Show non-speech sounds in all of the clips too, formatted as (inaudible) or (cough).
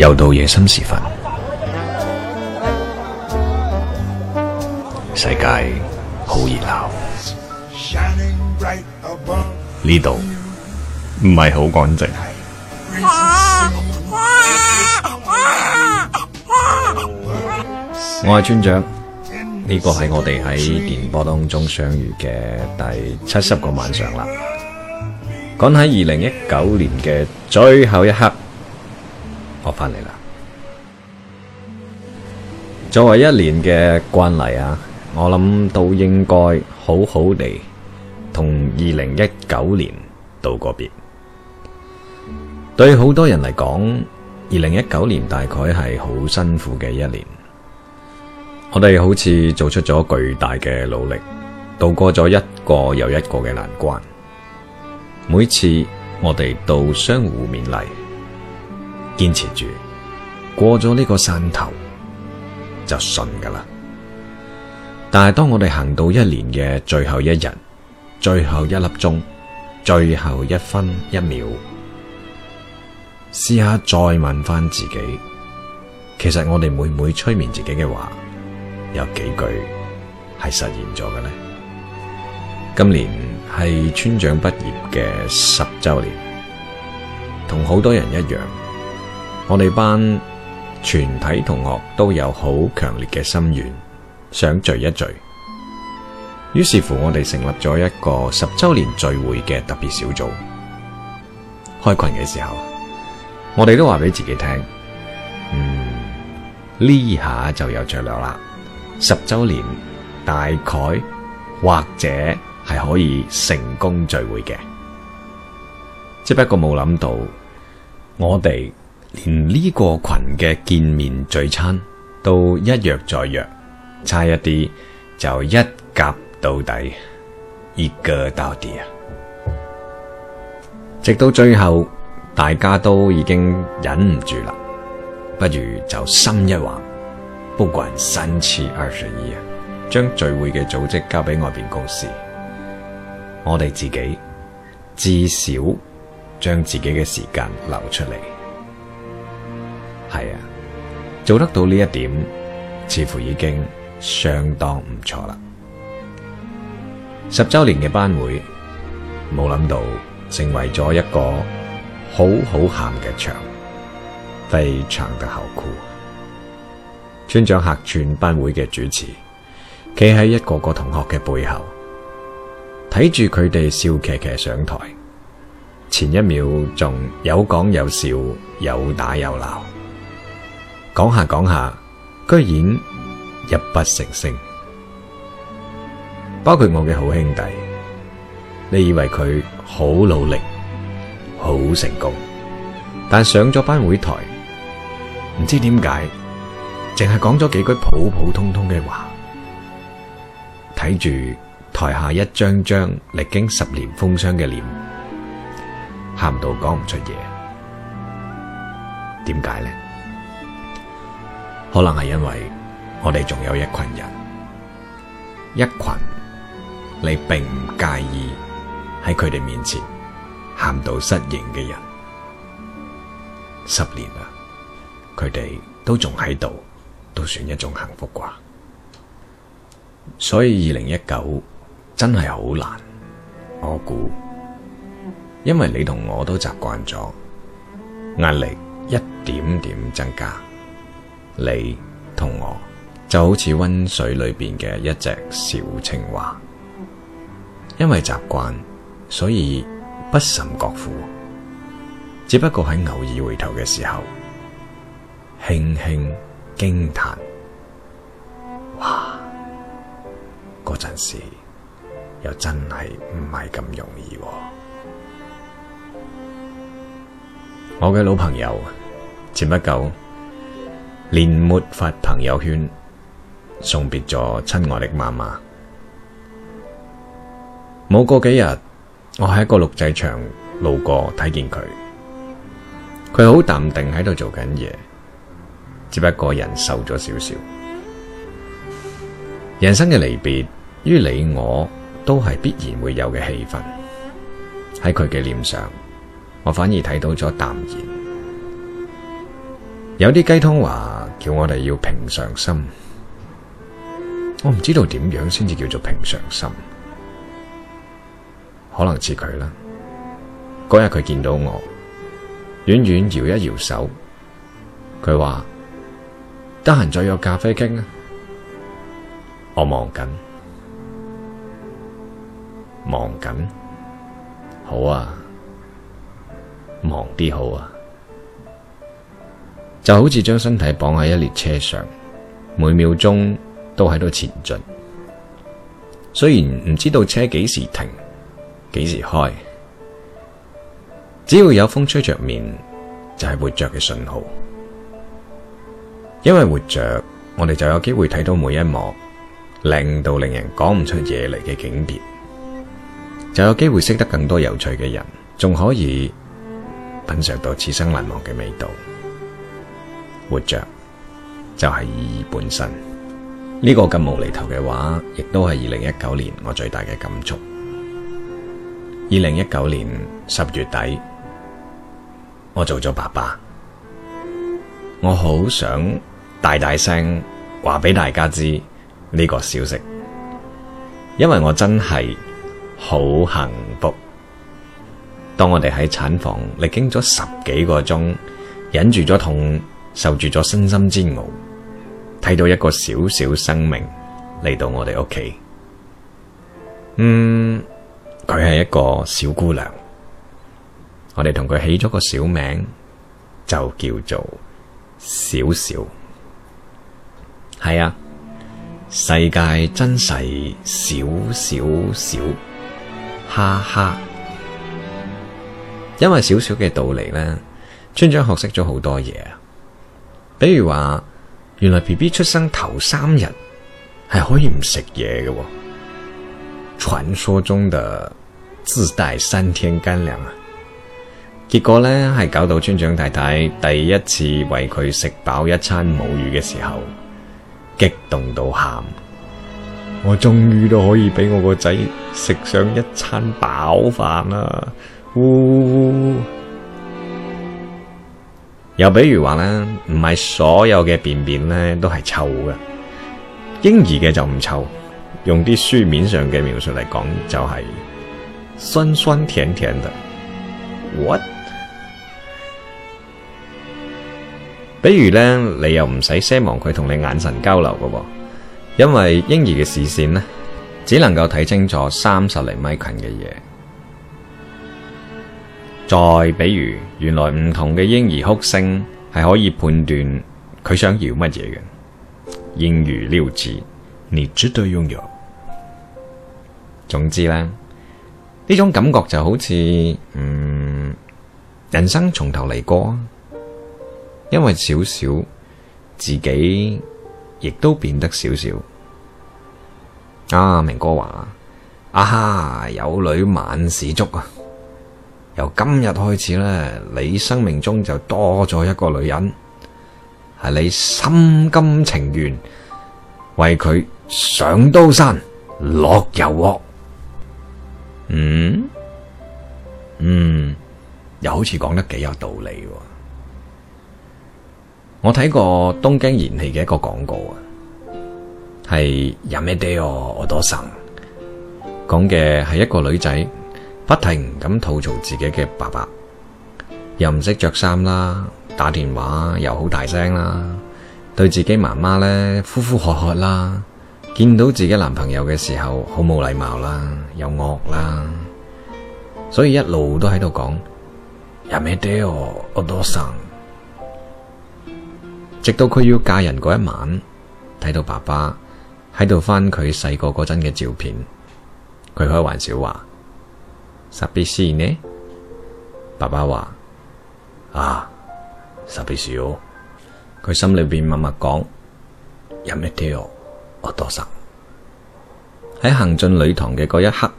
又到夜深時分，世界好熱鬧。呢度唔係好乾淨。 (noise) 我係村長，呢個係我哋喺電波當中相遇嘅第七十個晚上啦。趕喺二零一九年嘅最後一刻。我返嚟啦！作為一年嘅慣例啊，我諗都應該好好地同二零一九年道個別。對好多人嚟講，二零一九年大概係好辛苦嘅一年。我哋好似做出咗巨大嘅努力，度過咗一個又一個嘅難關。每次我哋都相互勉勵。堅持住，過咗呢個山頭就順噶啦。但係當我哋行到一年嘅最後一日、最後一粒鐘、最後一分一秒，試下再問翻自己，其實我哋每每催眠自己嘅話，有幾句係實現咗嘅呢？今年係村長畢業嘅十周年，同好多人一樣。我哋班全體同學都有好強烈嘅心願，想聚一聚。於是乎，我哋成立咗一個十周年聚會嘅特別小組。開群嘅時候，我哋都話俾自己聽：嗯，呢下就有着落啦。十周年大概或者係可以成功聚會嘅，只不過冇諗到我哋。連呢個群嘅見面聚餐都一約再約，差一啲就一鴿到底，一鴿到底啊！直到最後，大家都已經忍唔住啦，不如就心一橫，不管三七二十一啊！將聚會嘅組織交俾外邊公司，我哋自己至少將自己嘅時間留出嚟。係啊，做得到呢一點，似乎已經相當唔錯啦。十周年嘅班會，冇諗到成為咗一個好好喊嘅場，非常嘅好哭。村長客串班會嘅主持，企喺一個個同學嘅背後，睇住佢哋笑，騎騎上台，前一秒仲有講有笑，有打有鬧。講下講下，居然泣不成聲，包括我嘅好兄弟，你以為佢好努力、好成功，但上咗班會台，唔知點解，淨係講咗幾句普普通通嘅話，睇住台下一張張歷經十年風霜嘅臉，喊到講唔出嘢，點解咧？可能係因為我哋仲有一群人，一群你並唔介意喺佢哋面前喊到失形嘅人，十年啦，佢哋都仲喺度，都算一種幸福啩。所以二零一九真係好難，我估，因為你同我都習慣咗，壓力一點點增加。你同我就好似溫水裏邊嘅一隻小青蛙，因為習慣，所以不甚覺苦，只不過喺偶爾回頭嘅時候，輕輕驚嘆，哇，嗰陣時又真係唔係咁容易啊。我嘅老朋友，前不久。連年末發朋友圈送別咗親愛的媽媽，冇過幾日，我喺一個錄製場路過睇見佢，佢好淡定喺度做緊嘢，只不過人瘦咗少少。人生嘅離別於你我都係必然會有嘅戲份，喺佢嘅臉上，我反而睇到咗淡然。有啲雞湯話叫我哋要平常心，我唔知道點樣先至叫做平常心，可能似佢啦。嗰日佢見到我遠遠搖搖，遠遠搖一搖手，佢話：得閒再約咖啡傾啊！我忙緊，忙緊，好啊，忙啲好啊。就好似將身體綁喺一列車上，每秒鐘都喺度前進。雖然唔知道車幾時停、幾時開，嗯、只要有風吹着面，就係、是、活着嘅信號。因為活着，我哋就有機會睇到每一幕靚到令人講唔出嘢嚟嘅景別，就有機會識得更多有趣嘅人，仲可以品嘗到此生難忘嘅味道。活着就係、是、意義本身，呢、這個咁無厘頭嘅話，亦都係二零一九年我最大嘅感觸。二零一九年十月底，我做咗爸爸，我好想大大聲話俾大家知呢個消息，因為我真係好幸福。當我哋喺產房歷經咗十幾個鐘，忍住咗痛。受住咗身心煎熬，睇到一個小小生命嚟到我哋屋企，嗯，佢係一個小姑娘，我哋同佢起咗個小名，就叫做小小。係啊，世界真細，小小小，哈哈。因為小小嘅到嚟呢，村長學識咗好多嘢啊！比如話，原來 BB 出生頭三日係可以唔食嘢嘅，傳說中的自帶三天乾糧啊！結果咧係搞到村長太太第一次餵佢食飽一餐母乳嘅時候，激動到喊：我終於都可以俾我個仔食上一餐飽飯啦！嗚嗚又比如話咧，唔係所有嘅便便咧都係臭嘅，嬰兒嘅就唔臭。用啲書面上嘅描述嚟講，就係酸酸甜甜的。What？比如咧，你又唔使奢望佢同你眼神交流嘅，因為嬰兒嘅視線咧，只能夠睇清楚三十厘米近嘅嘢。再比如，原來唔同嘅嬰兒哭聲係可以判斷佢想要乜嘢嘅，嬰語六級，你絕對擁有。 (noise) 總之咧，呢種感覺就好似，嗯，人生從頭嚟過啊，因為少少自己亦都變得少少。啊明哥話：，啊哈，有女萬事足啊！由今日開始咧，你生命中就多咗一個女人，係你心甘情願為佢上刀山落油鍋。嗯嗯，又好似講得幾有道理。我睇過東京燃氣嘅一個廣告啊，係呀滅蝶喔，噢多桑，講嘅係一個女仔，不停咁吐槽自己嘅爸爸，又唔識着衫啦，打電話又好大聲啦，對自己媽媽咧呼呼喝喝啦，見到自己男朋友嘅時候好冇禮貌啦，又惡啦，所以一路都喺度講。呀滅蝶響，噢多桑。直到佢要嫁人嗰一晚，睇到爸爸喺度翻佢細個嗰陣嘅照片，佢開玩笑話，撒比兮捏？爸爸話：啊，撒比兮喲。佢心裏邊默默講：呀滅蝶哦，噢多桑。喺行進禮堂嘅嗰一刻，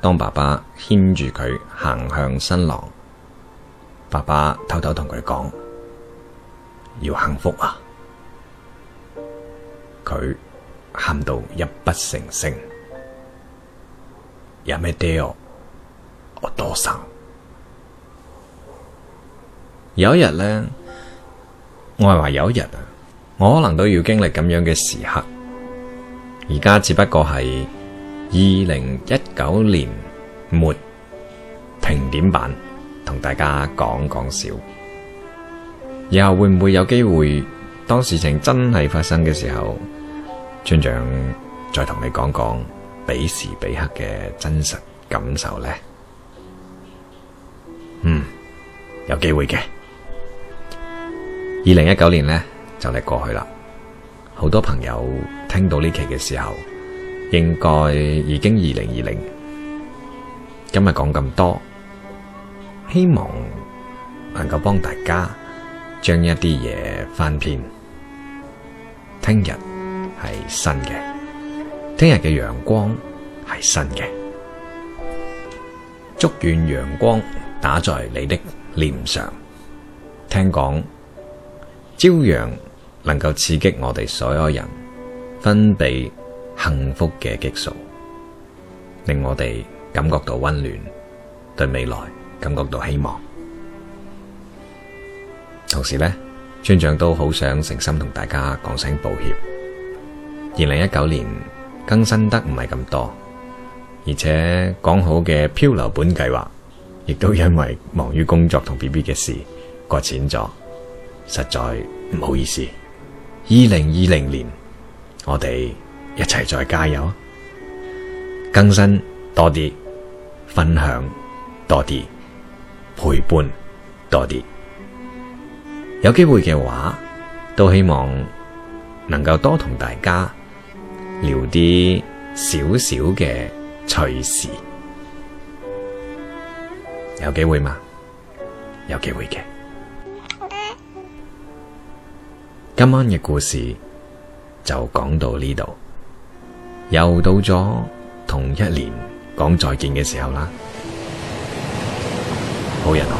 當爸爸牽住佢行向新郎，爸爸偷偷同佢講：要幸福啊！佢喊到泣不成聲。呀滅蝶哦我多有一日呢，我係話有一日啊，我可能都要經歷咁樣嘅時刻。而家只不過係二零一九年末評點版，同大家講講笑。以後會唔會有機會？當事情真係發生嘅時候，村長再同你講講彼時彼刻嘅真實感受呢？嗯，有機會嘅。二零一九年呢，就嚟過去啦，好多朋友聽到呢期嘅時候，應該已經二零二零。今日講咁多，希望能夠幫大家將一啲嘢翻篇。聽日係新嘅，聽日嘅陽光係新嘅，祝願陽光。打在你的臉上，聽講朝陽能夠刺激我哋所有人分泌幸福嘅激素，令我哋感覺到溫暖，對未來感覺到希望。同時呢，村長都好想誠心同大家講聲抱歉。二零一九年更新得唔係咁多，而且講好嘅漂流本計劃。亦都因為忙於工作同 BB 嘅事，擱淺咗，實在唔好意思。二零二零年，我哋一齊再加油！更新多啲，分享多啲，陪伴多啲。有機會嘅話，都希望能夠多同大家聊啲小小嘅趣事。有機會嘛？有機會嘅。今晚嘅故事就講到呢度，又到咗同一年講再見嘅時候啦。好人好。